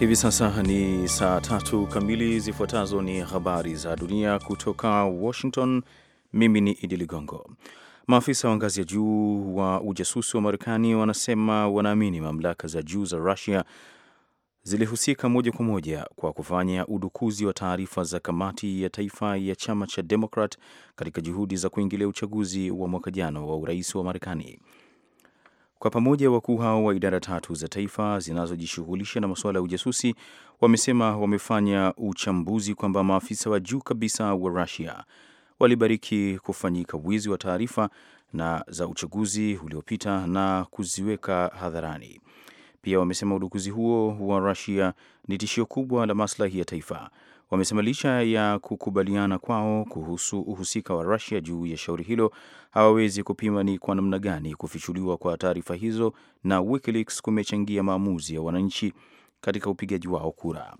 Hivi sasa ni saa tatu kamili. Zifuatazo ni habari za dunia kutoka Washington. Mimi ni Idi Ligongo. Maafisa wa ngazi ya juu wa ujasusi wa Marekani wanasema wanaamini mamlaka za juu za Rusia zilihusika moja kwa moja kwa kufanya udukuzi wa taarifa za kamati ya taifa ya chama cha Demokrat katika juhudi za kuingilia uchaguzi wa mwaka jana wa urais wa Marekani. Kwa pamoja wakuu hao wa idara tatu za taifa zinazojishughulisha na masuala ya ujasusi wamesema wamefanya uchambuzi kwamba maafisa wa juu kabisa wa Rusia walibariki kufanyika wizi wa taarifa na za uchaguzi uliopita na kuziweka hadharani. Pia wamesema udukuzi huo wa Rusia ni tishio kubwa la maslahi ya taifa. Wamesema licha ya kukubaliana kwao kuhusu uhusika wa Rusia juu ya shauri hilo, hawawezi kupima ni kwa namna gani kufichuliwa kwa taarifa hizo na WikiLeaks kumechangia maamuzi ya wananchi katika upigaji wao kura.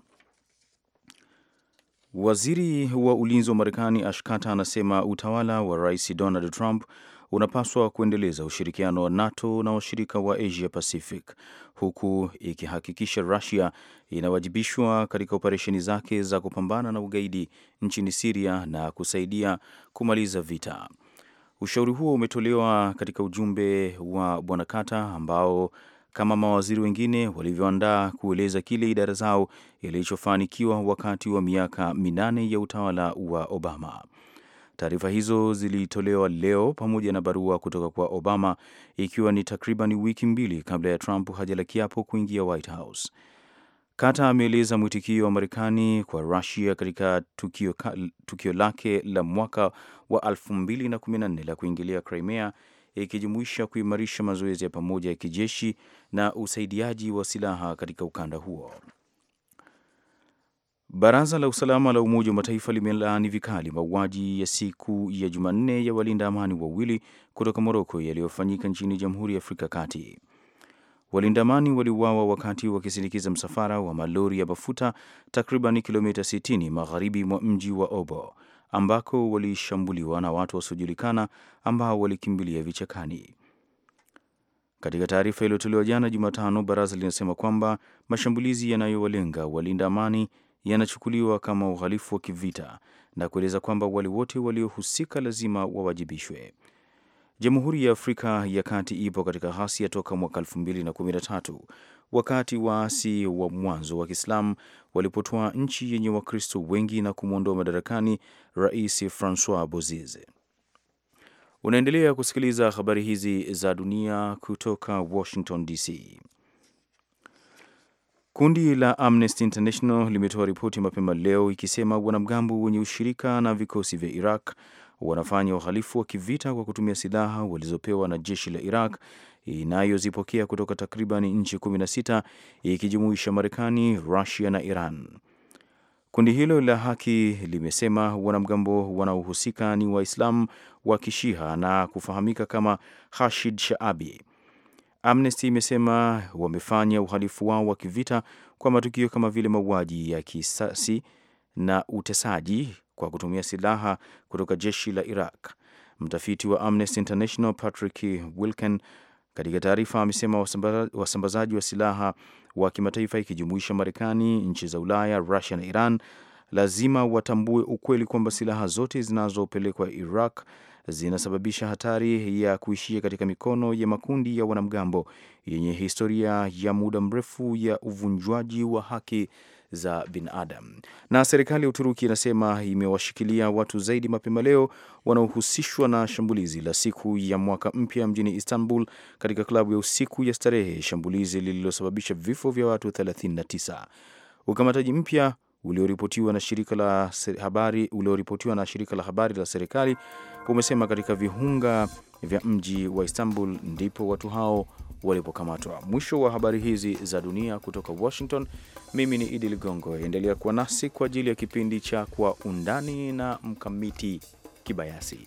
Waziri wa ulinzi wa Marekani ashkata anasema utawala wa Rais Donald Trump unapaswa kuendeleza ushirikiano wa NATO na washirika wa Asia Pacific huku ikihakikisha Russia inawajibishwa katika operesheni zake za kupambana na ugaidi nchini Siria na kusaidia kumaliza vita. Ushauri huo umetolewa katika ujumbe wa Bwana Kata ambao kama mawaziri wengine walivyoandaa kueleza kile idara zao ilichofanikiwa wakati wa miaka minane ya utawala wa Obama. Taarifa hizo zilitolewa leo pamoja na barua kutoka kwa Obama, ikiwa ni takriban wiki mbili kabla ya Trump hajala kiapo kuingia White House. Kata ameeleza mwitikio wa Marekani kwa rusia katika tukio, tukio lake la mwaka wa 2014 la kuingilia Crimea ikijumuisha kuimarisha mazoezi ya pamoja ya kijeshi na usaidiaji wa silaha katika ukanda huo. Baraza la usalama la Umoja wa Mataifa limelaani vikali mauaji ya siku ya Jumanne ya walinda amani wawili kutoka Moroko yaliyofanyika nchini Jamhuri ya Afrika Kati. Walinda amani waliuawa wakati wakisindikiza msafara wa malori ya mafuta takriban kilomita 60 magharibi mwa mji wa Obo, ambako walishambuliwa na watu wasiojulikana ambao walikimbilia vichakani. Katika taarifa iliyotolewa jana Jumatano, baraza linasema kwamba mashambulizi yanayowalenga walinda amani yanachukuliwa kama uhalifu wa kivita na kueleza kwamba wale wote waliohusika lazima wawajibishwe. Jamhuri ya Afrika ya Kati ipo katika ghasia toka mwaka 2013 wakati waasi wa mwanzo wa Kiislamu walipotoa nchi yenye Wakristo wengi na kumwondoa madarakani Rais Francois Bozize. Unaendelea kusikiliza habari hizi za dunia kutoka Washington DC. Kundi la Amnesty International limetoa ripoti mapema leo ikisema wanamgambo wenye ushirika na vikosi vya Iraq wanafanya uhalifu wa kivita kwa kutumia silaha walizopewa na jeshi la Iraq inayozipokea kutoka takriban nchi 16 ikijumuisha Marekani, Rusia na Iran. Kundi hilo la haki limesema wanamgambo wanaohusika ni Waislamu wa Kishiha na kufahamika kama Hashid Shaabi. Amnesty imesema wamefanya uhalifu wao wa kivita kwa matukio kama vile mauaji ya kisasi na utesaji kwa kutumia silaha kutoka jeshi la Iraq. Mtafiti wa Amnesty International Patrick Wilken katika taarifa amesema wasambazaji wa silaha wa kimataifa ikijumuisha Marekani, nchi za Ulaya, Rusia na Iran lazima watambue ukweli kwamba silaha zote zinazopelekwa Iraq zinasababisha hatari ya kuishia katika mikono ya makundi ya wanamgambo yenye historia ya muda mrefu ya uvunjwaji wa haki za binadamu. Na serikali ya Uturuki inasema imewashikilia watu zaidi mapema leo wanaohusishwa na shambulizi la siku ya mwaka mpya mjini Istanbul katika klabu ya usiku ya starehe, shambulizi lililosababisha vifo vya watu 39. Ukamataji mpya ulioripotiwa na shirika la habari ulioripotiwa na shirika la habari la serikali umesema katika viunga vya mji wa Istanbul ndipo watu hao walipokamatwa. Mwisho wa habari hizi za dunia kutoka Washington. Mimi ni Idi Ligongo, endelea kuwa nasi kwa ajili ya kipindi cha Kwa Undani na Mkamiti Kibayasi.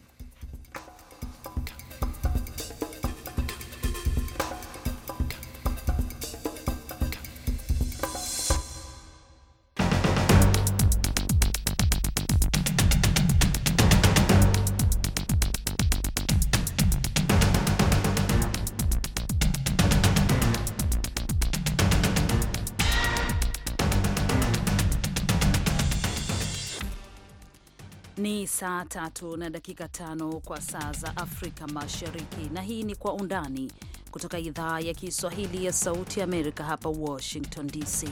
tatu na dakika tano kwa saa za Afrika Mashariki, na hii ni Kwa Undani kutoka idhaa ya Kiswahili ya Sauti Amerika hapa Washington DC.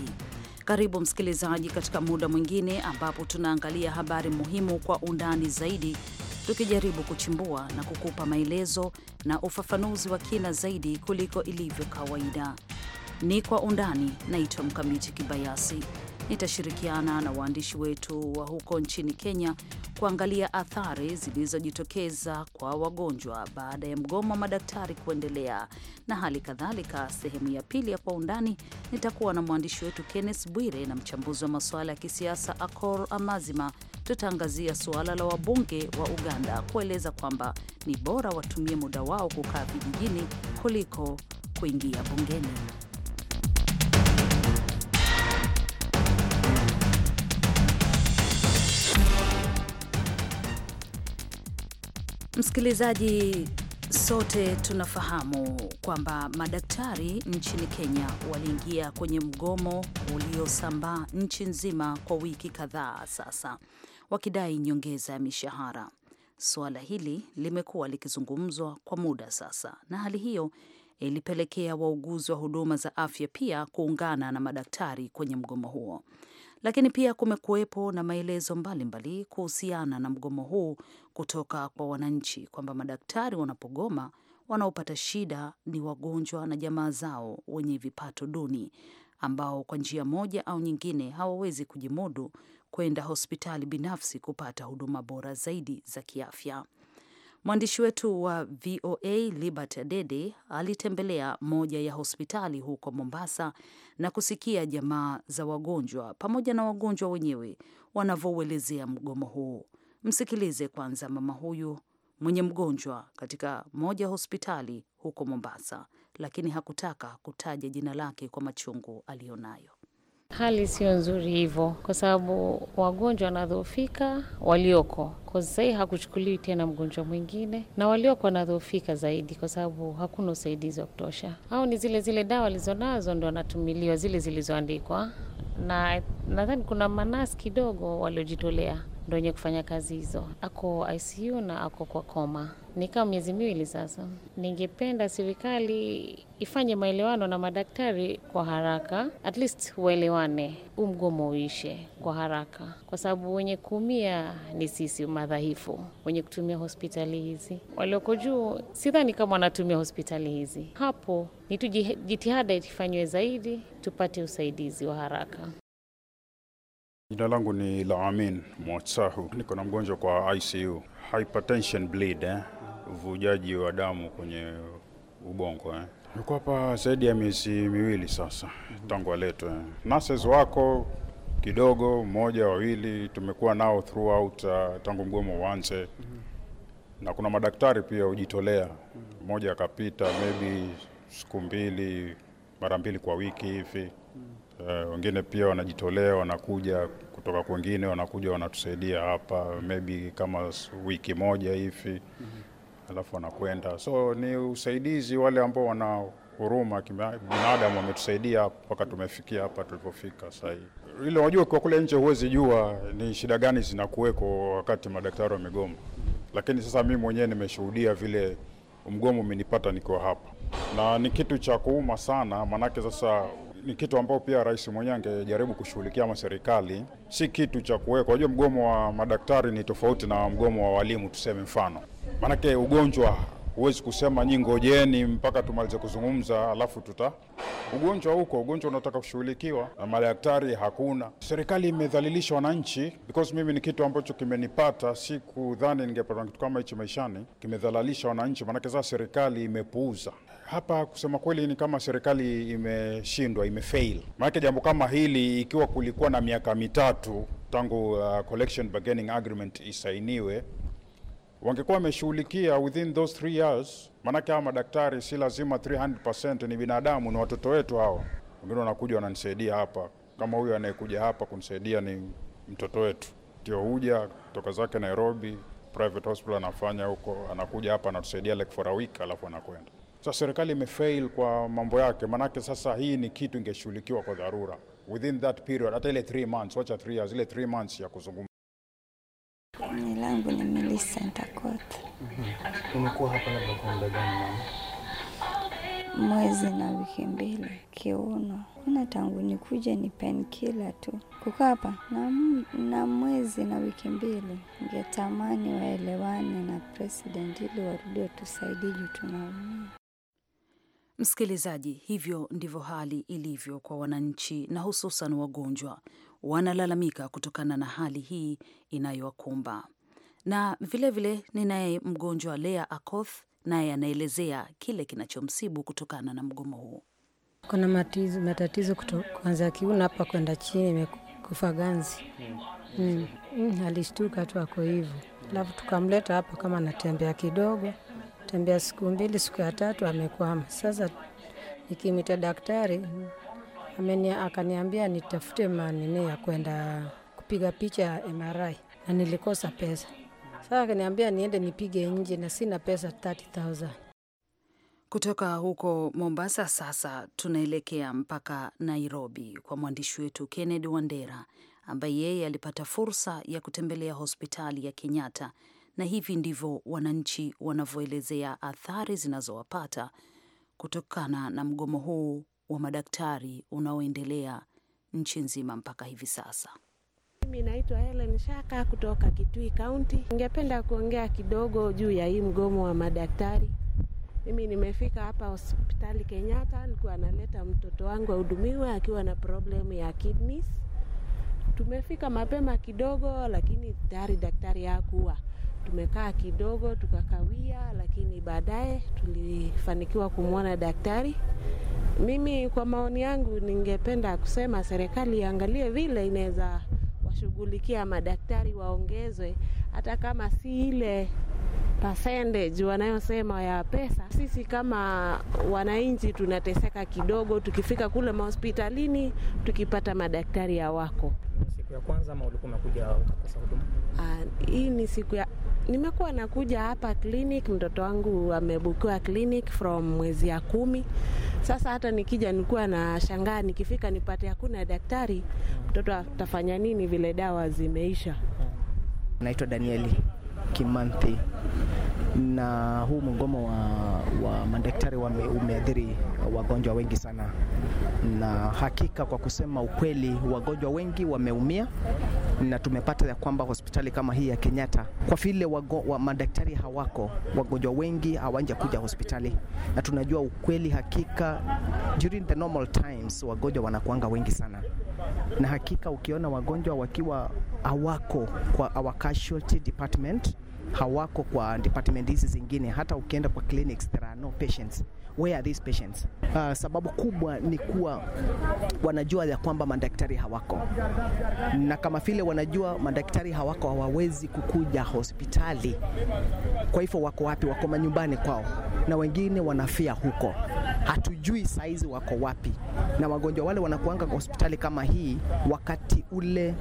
Karibu msikilizaji, katika muda mwingine ambapo tunaangalia habari muhimu kwa undani zaidi, tukijaribu kuchimbua na kukupa maelezo na ufafanuzi wa kina zaidi kuliko ilivyo kawaida. Ni Kwa Undani. Naitwa Mkamiti Kibayasi. Nitashirikiana na waandishi wetu wa huko nchini Kenya kuangalia athari zilizojitokeza kwa wagonjwa baada ya mgomo wa madaktari kuendelea, na hali kadhalika. Sehemu ya pili ya Kwa Undani nitakuwa na mwandishi wetu Kenneth Bwire na mchambuzi wa masuala ya kisiasa Akor Amazima. Tutaangazia suala la wabunge wa Uganda kueleza kwamba ni bora watumie muda wao kukaa vijijini kuliko kuingia bungeni. Msikilizaji, sote tunafahamu kwamba madaktari nchini Kenya waliingia kwenye mgomo uliosambaa nchi nzima kwa wiki kadhaa sasa, wakidai nyongeza ya mishahara. Suala hili limekuwa likizungumzwa kwa muda sasa, na hali hiyo ilipelekea wauguzi wa huduma za afya pia kuungana na madaktari kwenye mgomo huo. Lakini pia kumekuwepo na maelezo mbalimbali kuhusiana na mgomo huu kutoka kwa wananchi kwamba madaktari wanapogoma wanaopata shida ni wagonjwa na jamaa zao wenye vipato duni ambao kwa njia moja au nyingine hawawezi kujimudu kwenda hospitali binafsi kupata huduma bora zaidi za kiafya. Mwandishi wetu wa VOA Libert Adede alitembelea moja ya hospitali huko Mombasa na kusikia jamaa za wagonjwa pamoja na wagonjwa wenyewe wanavyouelezea mgomo huu. Msikilize kwanza mama huyu mwenye mgonjwa katika moja hospitali huko Mombasa, lakini hakutaka kutaja jina lake kwa machungu aliyonayo. Hali sio nzuri hivyo, kwa sababu wagonjwa wanadhoofika walioko kwa sasa hii hakuchukuliwi tena mgonjwa mwingine, na walioko wanadhoofika zaidi, kwa sababu hakuna usaidizi wa kutosha. Au ni zile zile dawa alizonazo ndo wanatumiliwa, zile zilizoandikwa, na nadhani kuna manasi kidogo waliojitolea ndo wenye kufanya kazi hizo. Ako ICU na ako kwa koma, ni kama miezi miwili sasa. Ningependa serikali ifanye maelewano na madaktari kwa haraka, at least waelewane, huu mgomo uishe kwa haraka, kwa sababu wenye kuumia ni sisi madhaifu, wenye kutumia hospitali hizi. Walioko juu sidhani kama wanatumia hospitali hizi. Hapo ni tu jitihada ifanywe zaidi, tupate usaidizi wa haraka. Jina langu ni Laamin Mwatsahu, niko na mgonjwa kwa ICU hypertension bleed, eh? uvujaji wa damu kwenye ubongo eh? Niko hapa zaidi ya miezi miwili sasa tangu aletwe eh? Nurses wako kidogo, mmoja wawili, tumekuwa nao throughout uh, tangu mgomo uanze mm -hmm. na kuna madaktari pia hujitolea, mmoja akapita maybe siku mbili mara mbili kwa wiki hivi mm -hmm. Uh, wengine pia wanajitolea, wanakuja kutoka kwengine, wanakuja wanatusaidia hapa maybe kama wiki moja hivi mm -hmm. Alafu wanakwenda, so ni usaidizi. Wale ambao wana huruma binadamu wametusaidia mpaka tumefikia hapa tulipofika sasa Ile unajua, kwa kule nje huwezi jua ni shida gani zinakuweko wakati madaktari wamegoma, lakini sasa mimi mwenyewe nimeshuhudia vile mgomo umenipata nikiwa hapa, na ni kitu cha kuuma sana, maanake sasa ni kitu ambao pia rais mwenyewe angejaribu kushughulikia ama serikali, si kitu cha kuwekwa. Unajua, mgomo wa madaktari ni tofauti na mgomo wa walimu, tuseme mfano, maanake ugonjwa huwezi kusema nyi ngojeni mpaka tumalize kuzungumza alafu tuta ugonjwa huko, ugonjwa unataka kushughulikiwa na madaktari hakuna. Serikali imedhalilisha wananchi, because mimi ni kitu ambacho kimenipata, sikudhani ningepata kitu kama hichi maishani. Kimedhalalisha wananchi, maanake sasa serikali imepuuza hapa kusema kweli ni kama serikali imeshindwa, imefail. Maanake jambo kama hili, ikiwa kulikuwa na miaka mitatu tangu uh, collection bargaining agreement isainiwe, wangekuwa wameshughulikia within those three years. Maanake hawa madaktari si lazima 300% ni binadamu, ni watoto wetu hawa. Wengine wanakuja wananisaidia hapa, kama huyu anayekuja hapa kunisaidia ni mtoto wetu, ndio huja kutoka zake Nairobi private hospital anafanya huko, anakuja hapa anatusaidia like for a week, alafu anakwenda. Sasa serikali imefail kwa mambo yake, manake sasa hii ni kitu ingeshughulikiwa kwa dharura within that period, hata ile 3 months, wacha 3 years, ile 3 months ya kuzungumza. Jina langu ni Melissa Akoto. Umekuwa hapa labda kwa muda gani mama? Mwezi na wiki mbili. Kiuno na tangu nikuja ni penkila tu, kukaa hapa na, na mwezi na wiki mbili. Ningetamani waelewane na president ili warudi watusaidie juu tunaumia. Msikilizaji, hivyo ndivyo hali ilivyo kwa wananchi na hususan wagonjwa, wanalalamika kutokana na hali hii inayowakumba. Na vilevile ninaye mgonjwa Lea Akoth, naye anaelezea kile kinachomsibu kutokana na mgomo huu Kuna matizo, matatizo kuanzia kiuno hapa kwenda chini, imekufa ganzi mm. Mm, alishtuka tu ako hivyo, alafu tukamleta hapa kama anatembea kidogo tembea siku mbili, siku ya tatu amekwama. Sasa nikimwita daktari amenia, akaniambia nitafute manini ya kwenda kupiga picha MRI na nilikosa pesa. Sasa akaniambia niende nipige nje na sina pesa 30,000. Kutoka huko Mombasa sasa tunaelekea mpaka Nairobi kwa mwandishi wetu Kennedy Wandera ambaye yeye alipata fursa ya kutembelea hospitali ya Kenyatta na hivi ndivyo wananchi wanavyoelezea athari zinazowapata kutokana na mgomo huu wa madaktari unaoendelea nchi nzima mpaka hivi sasa. Mimi naitwa Helen Shaka kutoka Kitui Kaunti. Ningependa kuongea kidogo juu ya hii mgomo wa madaktari. Mimi nimefika hapa hospitali Kenyatta, nilikuwa analeta mtoto wangu ahudumiwe akiwa na problemu ya kidneys. Tumefika mapema kidogo, lakini tayari daktari hakuwa Tumekaa kidogo tukakawia, lakini baadaye tulifanikiwa kumwona daktari. Mimi kwa maoni yangu, ningependa kusema serikali iangalie vile inaweza washughulikia madaktari, waongezwe hata kama si ile percentage wanayosema ya pesa. Sisi kama wananchi tunateseka kidogo, tukifika kule mahospitalini tukipata madaktari hawako. Siku ya kwanza ama ulikuwa umekuja ukakosa huduma? Ah, hii ni siku ya Nimekuwa nakuja hapa clinic, mtoto wangu amebukiwa clinic from mwezi ya kumi. Sasa hata nikija nilikuwa na shangaa, nikifika nipate hakuna daktari, mtoto atafanya nini vile dawa zimeisha? Naitwa Danieli Kimanthi na huu mgomo wa, wa madaktari umeathiri wagonjwa wengi sana, na hakika kwa kusema ukweli, wagonjwa wengi wameumia, na tumepata ya kwamba hospitali kama hii ya Kenyatta, kwa vile wa madaktari hawako, wagonjwa wengi hawanja kuja hospitali, na tunajua ukweli hakika, during the normal times wagonjwa wanakuanga wengi sana, na hakika ukiona wagonjwa wakiwa hawako kwa our casualty department hawako kwa department hizi zingine. Hata ukienda kwa clinics there are no patients where are these patients? Uh, sababu kubwa ni kuwa wanajua ya kwamba madaktari hawako, na kama vile wanajua madaktari hawako, hawawezi kukuja hospitali. Kwa hivyo wako wapi? Wako manyumbani kwao, na wengine wanafia huko. Hatujui saizi wako wapi, na wagonjwa wale wanakuanga kwa hospitali kama hii wakati ule,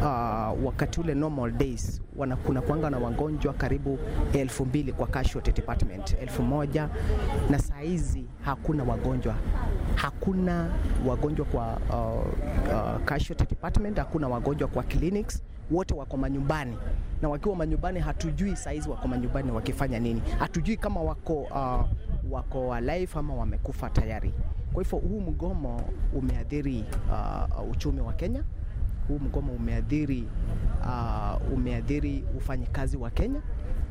uh, wakati ule normal days kuna kuanga na wagonjwa karibu elfu mbili kwa casualty department elfu moja na saizi hizi hakuna wagonjwa, hakuna wagonjwa kwa uh, uh, casualty department, hakuna wagonjwa kwa clinics, wote wako manyumbani na wakiwa manyumbani, hatujui saizi wako manyumbani wakifanya nini, hatujui kama wako uh, wako alive ama wamekufa tayari. Kwa hivyo huu mgomo umeathiri uh, uchumi wa Kenya. Huu mgomo umeathiri uh, umeathiri ufanyikazi wa Kenya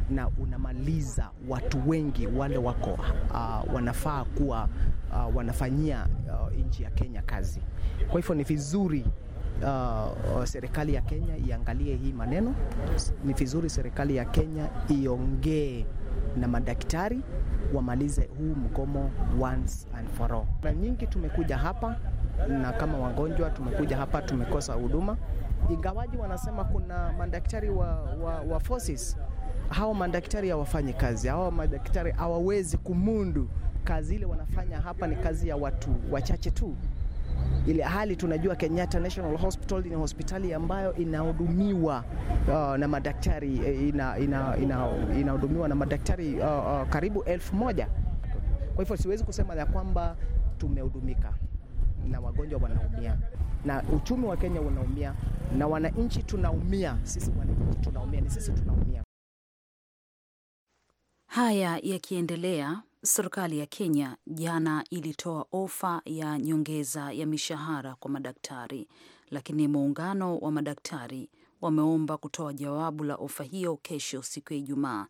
na unamaliza watu wengi wale wako uh, wanafaa kuwa uh, wanafanyia uh, nchi ya Kenya kazi. Kwa hivyo ni vizuri Uh, serikali ya Kenya iangalie hii maneno. Ni vizuri serikali ya Kenya iongee na madaktari wamalize huu mgomo once and for all. Na nyingi tumekuja hapa na kama wagonjwa tumekuja hapa tumekosa huduma, ingawaji wanasema kuna madaktari wa, wa, wa forces hao madaktari hawafanyi kazi, hao madaktari hawawezi kumundu kazi ile wanafanya hapa. Ni kazi ya watu wachache tu, ile hali tunajua Kenyatta National Hospital ni hospitali ambayo inahudumiwa uh, na madaktari inahudumiwa eh, ina, ina, ina na madaktari uh, uh, karibu elfu moja. Kwa hivyo siwezi kusema ya kwamba tumehudumika na wagonjwa wanaumia na uchumi wa Kenya unaumia na wananchi tunaumia, sisi wananchi tunaumia, ni sisi tunaumia. Haya yakiendelea, serikali ya Kenya jana ilitoa ofa ya nyongeza ya mishahara kwa madaktari, lakini muungano wa madaktari wameomba kutoa jawabu la ofa hiyo kesho, siku ya Ijumaa.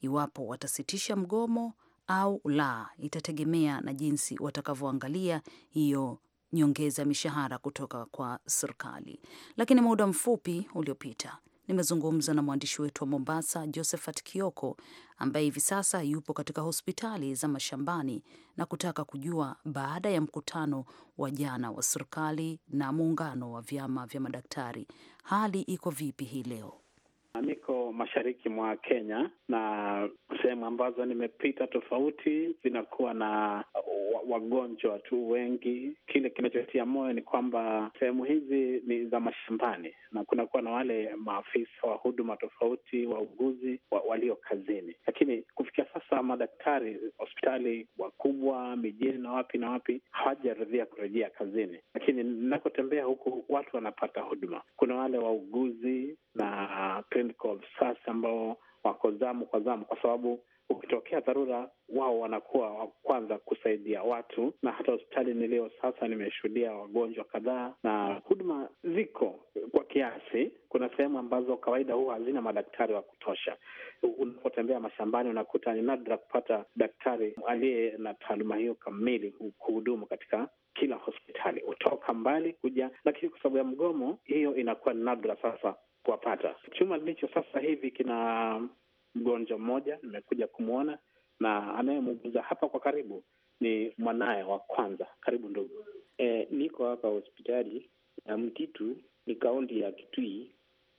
Iwapo watasitisha mgomo au la, itategemea na jinsi watakavyoangalia hiyo nyongeza mishahara kutoka kwa serikali. Lakini muda mfupi uliopita Nimezungumza na mwandishi wetu wa Mombasa, Josephat Kioko, ambaye hivi sasa yupo katika hospitali za mashambani na kutaka kujua baada ya mkutano wa jana wa serikali na muungano wa vyama vya madaktari hali iko vipi hii leo niko mashariki mwa Kenya na sehemu ambazo nimepita tofauti zinakuwa na wagonjwa tu wengi. Kile kinachotia moyo ni kwamba sehemu hizi ni za mashambani na kunakuwa na wale maafisa wa huduma tofauti, wauguzi wa, walio kazini, lakini kufikia sasa madaktari hospitali wakubwa mijini na wapi na wapi hawajaridhia kurejea kazini, lakini ninapotembea huku watu wanapata huduma. Kuna wale wauguzi na clinical sasa ambao wako zamu kwa zamu, kwa sababu ukitokea dharura wao wanakuwa wa kwanza kusaidia watu, na hata hospitali nilio sasa nimeshuhudia wagonjwa kadhaa, na huduma ziko kwa kiasi. Kuna sehemu ambazo kawaida huwa hazina madaktari wa kutosha. Unapotembea mashambani, unakuta ni nadra kupata daktari aliye na taaluma hiyo kamili kuhudumu katika kila hospitali. Hutoka mbali kuja, lakini kwa sababu ya mgomo, hiyo inakuwa ni nadra sasa kuwapata. Chuma nilicho sasa hivi kina mgonjwa mmoja, nimekuja kumwona na anayemuuguza hapa kwa karibu ni mwanaye wa kwanza. Karibu ndugu. E, niko hapa hospitali na Mtitu ni kaunti ya Kitui.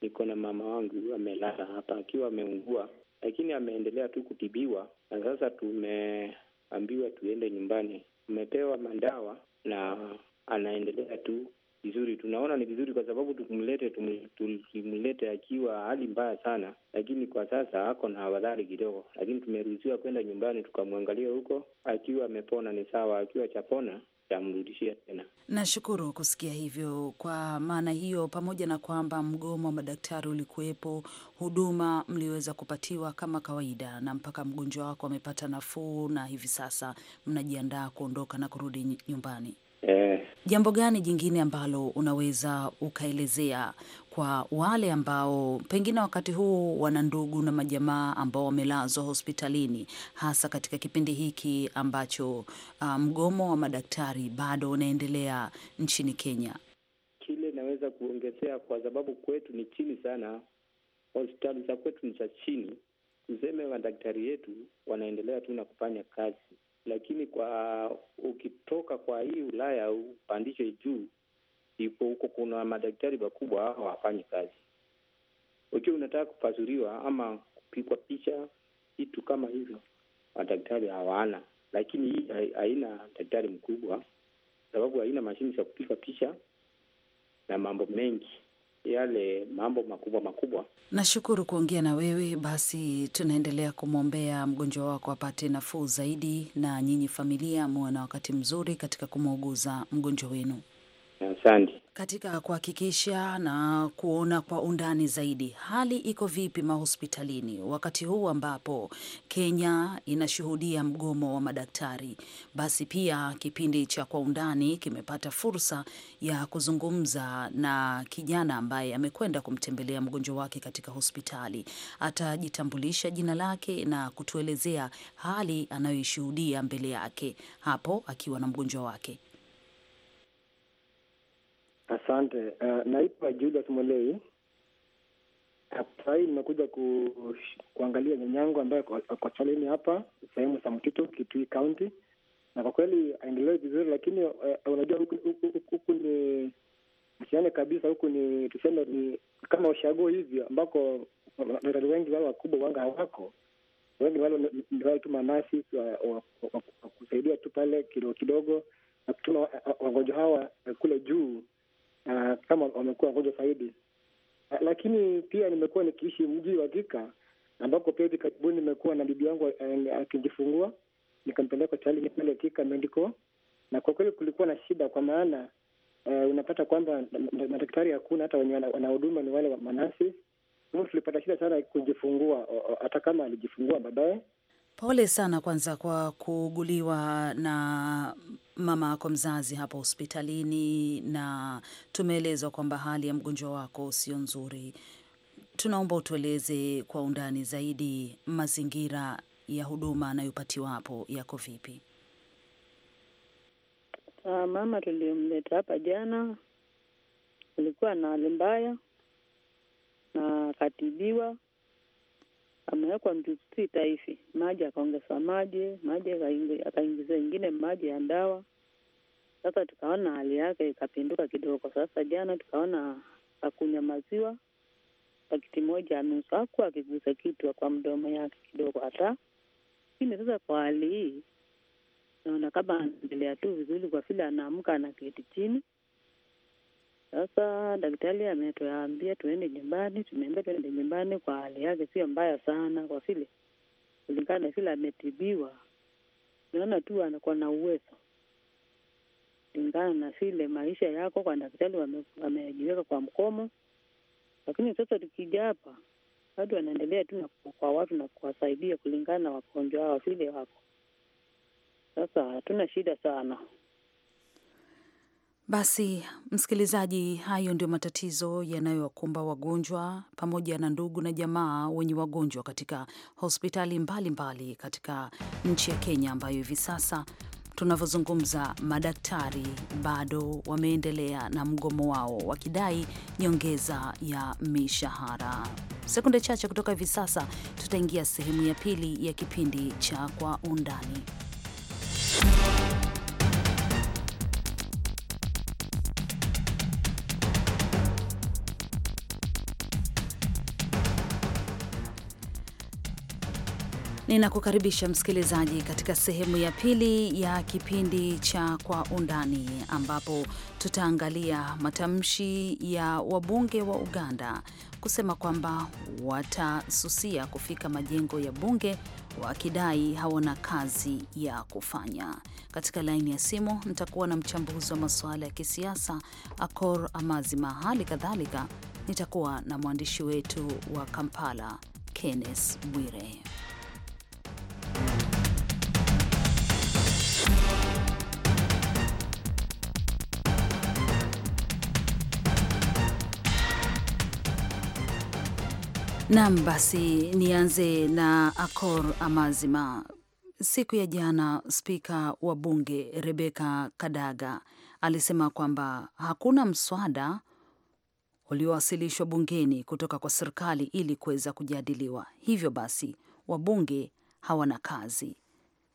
Niko na mama wangu amelala hapa akiwa ameungua, lakini ameendelea tu kutibiwa, na sasa tumeambiwa tuende nyumbani. Amepewa madawa na anaendelea tu vizuri. Tunaona ni vizuri kwa sababu tukimlete tukimlete akiwa hali mbaya sana, lakini kwa sasa ako na wadhari kidogo, lakini tumeruhusiwa kwenda nyumbani tukamwangalia huko. Akiwa amepona ni sawa, akiwa chapona tamrudishia tena. Nashukuru kusikia hivyo. Kwa maana hiyo, pamoja na kwamba mgomo wa madaktari ulikuwepo, huduma mliweza kupatiwa kama kawaida, na mpaka mgonjwa wako amepata nafuu, na hivi sasa mnajiandaa kuondoka na kurudi nyumbani. Eh. jambo gani jingine ambalo unaweza ukaelezea kwa wale ambao pengine wakati huu wana ndugu na majamaa ambao wamelazwa hospitalini, hasa katika kipindi hiki ambacho ah, mgomo wa madaktari bado unaendelea nchini Kenya? Kile naweza kuongezea, kwa sababu kwetu ni chini sana, hospitali za kwetu ni za chini, tuseme madaktari yetu wanaendelea tu na kufanya kazi lakini kwa ukitoka kwa hii Ulaya upandishe juu, ipo huko, kuna madaktari wakubwa hao hawafanyi kazi. Ukiwa unataka kupasuliwa ama kupigwa picha, kitu kama hivyo, madaktari hawana. Lakini hii haina daktari mkubwa, sababu haina mashini za kupiga picha na mambo mengi yale mambo makubwa makubwa. Nashukuru kuongea na wewe. Basi tunaendelea kumwombea mgonjwa wako apate nafuu zaidi, na nyinyi familia muwe na wakati mzuri katika kumwuguza mgonjwa wenu. Asante. Katika kuhakikisha na kuona kwa undani zaidi, hali iko vipi mahospitalini wakati huu ambapo Kenya inashuhudia mgomo wa madaktari? Basi pia kipindi cha Kwa Undani kimepata fursa ya kuzungumza na kijana ambaye amekwenda kumtembelea mgonjwa wake katika hospitali. Atajitambulisha jina lake na kutuelezea hali anayoishuhudia mbele yake hapo akiwa na mgonjwa wake. Asante. Uh, naitwa Julius Molei. Saa nimekuja ku, kuangalia nyanyangu ambaye ako hapa sehemu za Mtito, Kitui County, na kwa kweli aendelee vizuri, lakini uh, unajua huku ni msiane kabisa, huku ni tuseme ni kama ushago hivyo, ambako wazazi wengi wale wakubwa wanga hawako wengi, wale ni wale tu manasi wakusaidia tu pale kidogo kidogo na kutuma eh, wagonjwa hawa kule juu na ah, kama wamekuwa wagonjwa zaidi. Ah, lakini pia nimekuwa nikiishi mji wa Thika ambako pia hivi karibuni nimekuwa na bibi yangu eh, akijifungua, nikampeleka hospitali pale Thika Medical, na kwa kweli kulikuwa na shida, kwa maana uh, unapata kwamba madaktari hakuna, hata wenye wanahuduma ni wale wa manasi. Tulipata shida sana kujifungua, hata kama alijifungua baadaye Pole sana kwanza kwa kuuguliwa na mama yako mzazi hapo hospitalini, na tumeelezwa kwamba hali ya mgonjwa wako sio nzuri. Tunaomba utueleze kwa undani zaidi, mazingira ya huduma anayopatiwa hapo yako vipi? Uh, mama tuliyomleta hapa jana alikuwa na hali mbaya na akatibiwa amewekwa mjuzi sita hivi, maji akaongeza maji maji akaingiza ingine maji ya dawa. Sasa tukaona hali yake ikapinduka kidogo. Sasa jana tukaona akunya maziwa pakiti moja nusu, hakuwa akigusa kitu kwa mdomo yake kidogo hata. Lakini sasa kwa hali hii naona kama anaendelea tu vizuri, kwa vile anaamka anaketi chini sasa daktari ametuambia tuende nyumbani, tumeambia tuende nyumbani kwa hali yake sio mbaya sana, kwa vile kulingana na vile ametibiwa, naona tu anakuwa na uwezo kulingana na vile maisha yako kwa daktari wamejiweka kwa mkomo. Lakini sasa tukija hapa, bado anaendelea tu kwa watu na kuwasaidia kulingana na wagonjwa wao vile wako. Sasa hatuna shida sana. Basi msikilizaji, hayo ndio matatizo yanayowakumba wagonjwa pamoja na ndugu na jamaa wenye wagonjwa katika hospitali mbalimbali mbali katika nchi ya Kenya, ambayo hivi sasa tunavyozungumza madaktari bado wameendelea na mgomo wao wakidai nyongeza ya mishahara. Sekunde chache kutoka hivi sasa, tutaingia sehemu ya pili ya kipindi cha Kwa Undani. Ninakukaribisha msikilizaji katika sehemu ya pili ya kipindi cha Kwa Undani, ambapo tutaangalia matamshi ya wabunge wa Uganda kusema kwamba watasusia kufika majengo ya bunge wakidai hawana kazi ya kufanya. Katika laini ya simu nitakuwa na mchambuzi wa masuala ya kisiasa Akor Amazima. Hali kadhalika nitakuwa na mwandishi wetu wa Kampala Kenneth Bwire. Nam, basi nianze na Akor Amazima. Siku ya jana spika wa bunge Rebeka Kadaga alisema kwamba hakuna mswada uliowasilishwa bungeni kutoka kwa serikali ili kuweza kujadiliwa, hivyo basi wabunge hawana kazi.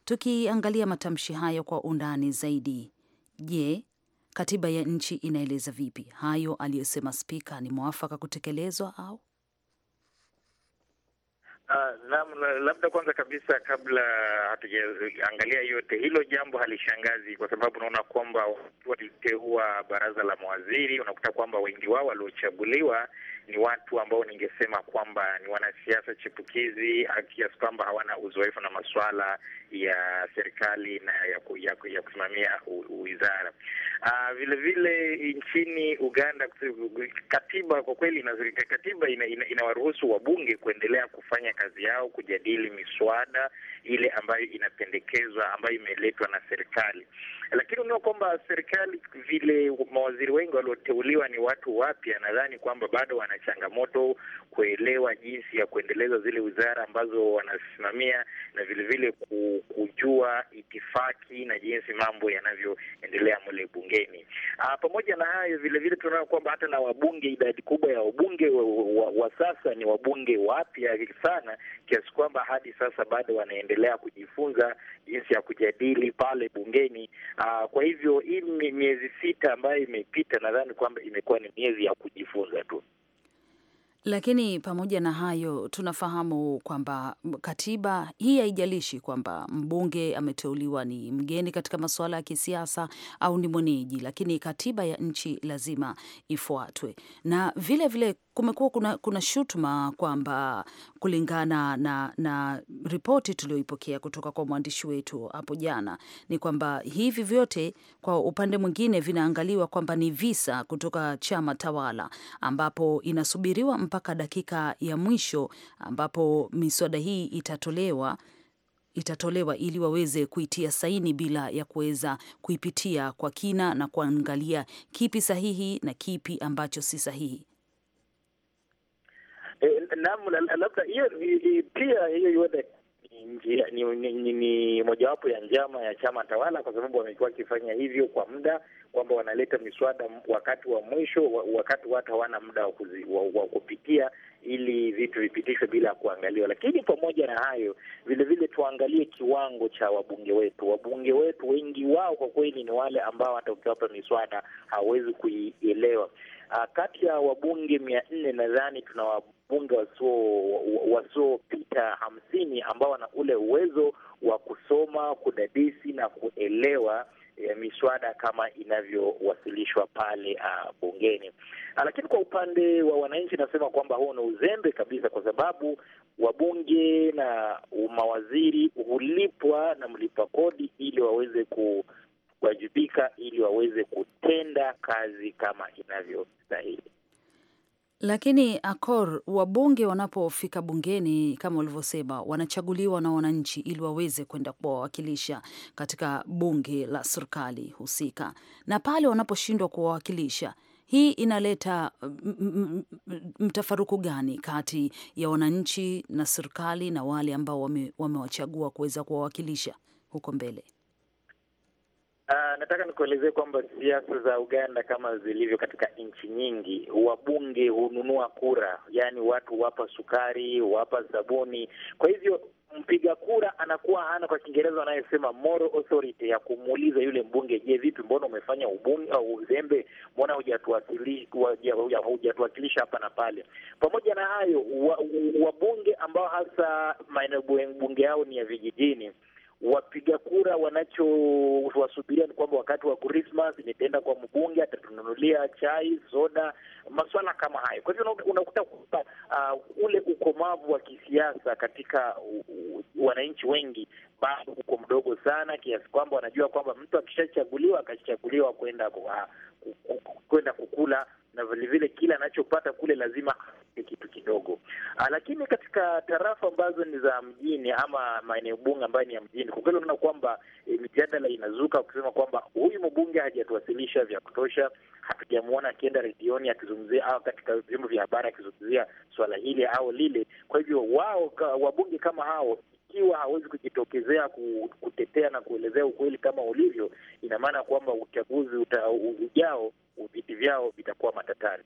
Tukiangalia matamshi hayo kwa undani zaidi, je, katiba ya nchi inaeleza vipi hayo aliyosema spika? Ni mwafaka kutekelezwa au Uh, naam, labda kwanza kabisa kabla hatujaangalia yote, hilo jambo halishangazi kwa sababu unaona kwamba watu waliteua baraza la mawaziri, unakuta kwamba wengi wao waliochaguliwa ni watu ambao ningesema kwamba ni wanasiasa chipukizi, kiasi kwamba hawana uzoefu na masuala ya serikali na ya, ku, ya, ku, ya kusimamia wizara. Uh, vile vile nchini Uganda katiba kwa kweli katiba inawaruhusu ina, ina wabunge kuendelea kufanya kazi yao, kujadili miswada ile ambayo inapendekezwa ambayo imeletwa na serikali. Lakini unaa kwamba serikali, vile mawaziri wengi walioteuliwa ni watu wapya, nadhani kwamba bado wana changamoto kuelewa jinsi ya kuendeleza zile wizara ambazo wanasimamia na vilevile kujua itifaki na jinsi mambo yanavyoendelea mle bungeni. Aa, ah, pamoja na hayo vilevile tunaona kwamba hata na wabunge, idadi kubwa ya wabunge wa, wa, wa sasa ni wabunge wapya sana kiasi kwamba hadi sasa bado wanaendelea wanaendelea kujifunza jinsi ya kujadili pale bungeni. Aa, ah, kwa hivyo hii miezi sita ambayo imepita, nadhani kwamba imekuwa ni miezi ya kujifunza tu. Lakini pamoja na hayo, tunafahamu kwamba katiba hii haijalishi kwamba mbunge ameteuliwa ni mgeni katika masuala ya kisiasa au ni mwenyeji, lakini katiba ya nchi lazima ifuatwe. Na vile vile kumekuwa kuna, kuna shutuma kwamba kulingana na, na ripoti tuliyoipokea kutoka kwa mwandishi wetu hapo jana ni kwamba hivi vyote kwa upande mwingine vinaangaliwa kwamba ni visa kutoka chama tawala ambapo inasubiriwa mpaka dakika ya mwisho ambapo miswada hii itatolewa itatolewa ili waweze kuitia saini bila ya kuweza kuipitia kwa kina na kuangalia kipi sahihi na kipi ambacho si sahihi. E, naam, labda hiyo pia hiyo iwe ni, ni, ni, ni mojawapo ya njama ya chama tawala, kwa sababu wamekuwa wakifanya hivyo kwa muda, kwamba wanaleta miswada wakati wa mwisho, wakati watu hawana muda wa kupitia ili vitu vipitishwe bila ya kuangaliwa. Lakini pamoja na hayo, vilevile tuangalie kiwango cha wabunge wetu. Wabunge wetu wengi wao kwa kweli ni wale ambao hata ukiwapa miswada hawawezi kuielewa. Ah, kati ya wabunge mia nne nadhani tuna wabunge wasiopita hamsini ambao wana ule uwezo wa kusoma, kudadisi na kuelewa e, miswada kama inavyowasilishwa pale uh, bungeni. Ah, lakini kwa upande wa wananchi, nasema kwamba huo ni uzembe kabisa, kwa sababu wabunge na mawaziri hulipwa na mlipa kodi ili waweze ku wajibika ili waweze kutenda kazi kama inavyostahili. Lakini Akor, wabunge wanapofika bungeni, kama ulivyosema, wanachaguliwa na wananchi ili waweze kwenda kuwawakilisha katika bunge la serikali husika, na pale wanaposhindwa kuwawakilisha hii inaleta mm, mm, mm, mtafaruku gani kati ya wananchi na serikali na wale ambao wamewachagua wame kuweza kuwawakilisha huko mbele? Uh, nataka nikuelezee kwamba siasa za Uganda kama zilivyo katika nchi nyingi, wabunge hununua kura, yaani watu wapa sukari, wapa sabuni. Kwa hivyo mpiga kura anakuwa hana kwa Kiingereza anayesema moral authority ya kumuuliza yule mbunge, je, vipi, mbona umefanya ubunge au uzembe? Mbona hujatuwakilisha hapa na pale? Pamoja na hayo, wabunge wa ambao hasa maeneo bunge yao ni ya vijijini wapiga kura wanachowasubiria ni kwamba wakati wa Krismas nitaenda kwa mbunge, atatununulia chai, soda, maswala kama hayo. Kwa hivyo unakuta kwamba uh, ule ukomavu wa kisiasa katika wananchi wengi bado uko mdogo sana, kiasi kwamba wanajua kwamba mtu akishachaguliwa akachaguliwa kwenda kwenda kukula na vilevile kile anachopata kule lazima ni kitu kidogo. Ah, lakini katika tarafa ambazo ni za mjini ama maeneo bunge ambayo ni ya mjini, kwa kweli unaona kwamba e, mijadala inazuka kusema kwamba huyu mbunge hajatuwasilisha vya kutosha, hatujamwona akienda redioni akizungumzia au katika vyombo vya habari akizungumzia swala hili au lile. Kwa hivyo wao wabunge kama hao ikiwa hawezi kujitokezea kutetea na kuelezea ukweli kama ulivyo, ina maana kwamba uchaguzi ujao viti vyao vitakuwa matatani.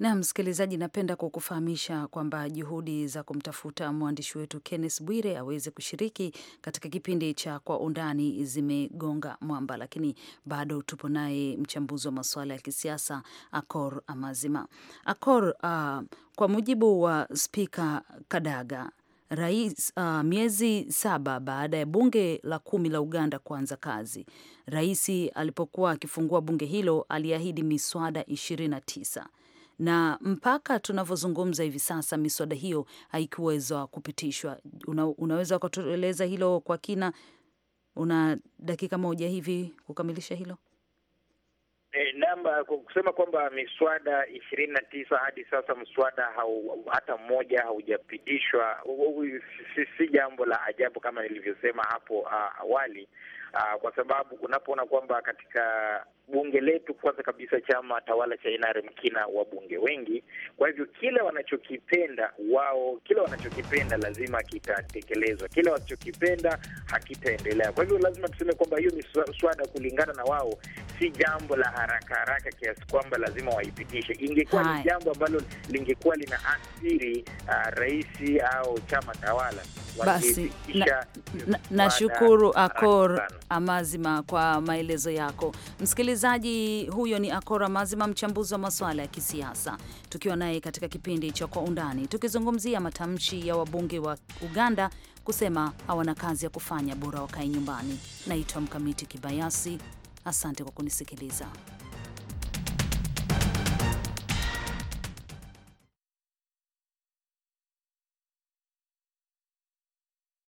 Na msikilizaji, napenda kukufahamisha kwamba juhudi za kumtafuta mwandishi wetu Kenneth Bwire aweze kushiriki katika kipindi cha Kwa Undani zimegonga mwamba, lakini bado tupo naye mchambuzi wa masuala ya kisiasa Akor Amazima. Akor, uh, kwa mujibu wa Spika Kadaga Rais uh, miezi saba baada ya bunge la kumi la Uganda kuanza kazi, rais alipokuwa akifungua bunge hilo aliahidi miswada ishirini na tisa na mpaka tunavyozungumza hivi sasa miswada hiyo haikuweza kupitishwa. Una, unaweza ukatueleza hilo kwa kina? Una dakika moja hivi kukamilisha hilo. E, eh, namba ah, kusema kwamba miswada ishirini na tisa hadi sasa mswada hau, hata mmoja haujapitishwa si, si jambo la ajabu kama nilivyosema hapo ah, awali uh, kwa sababu unapoona kwamba katika bunge letu kwanza kabisa chama tawala cha NRM kina wabunge wengi, kwa hivyo kile wanachokipenda wao, kile wanachokipenda lazima kitatekelezwa, kile wanachokipenda hakitaendelea. Kwa hivyo lazima tuseme kwamba hiyo ni swada kulingana na wao si jambo la haraka haraka kiasi kwamba lazima waipitishe. Ingekuwa ni jambo ambalo lingekuwa lina athiri uh, ah, rais au chama tawala basi nashukuru na, na Akor Amazima kwa maelezo yako Msikiliza Msikilizaji huyo ni Akora Mazima, mchambuzi wa masuala ya kisiasa, tukiwa naye katika kipindi cha Kwa Undani tukizungumzia matamshi ya wabunge wa Uganda kusema hawana kazi ya kufanya, bora wakae nyumbani. Naitwa Mkamiti Kibayasi, asante kwa kunisikiliza.